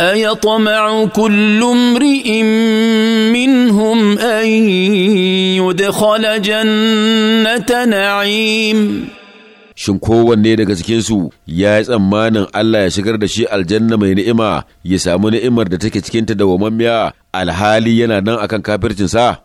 ايطمع كل امرئ منهم ان يدخل جنه نعيم shin kowanne daga cikinsu ya yi tsammanin Allah ya shigar da shi aljanna mai ni'ima ya samu ni'imar da take cikinta da wamammiya alhali yana nan akan kafircinsa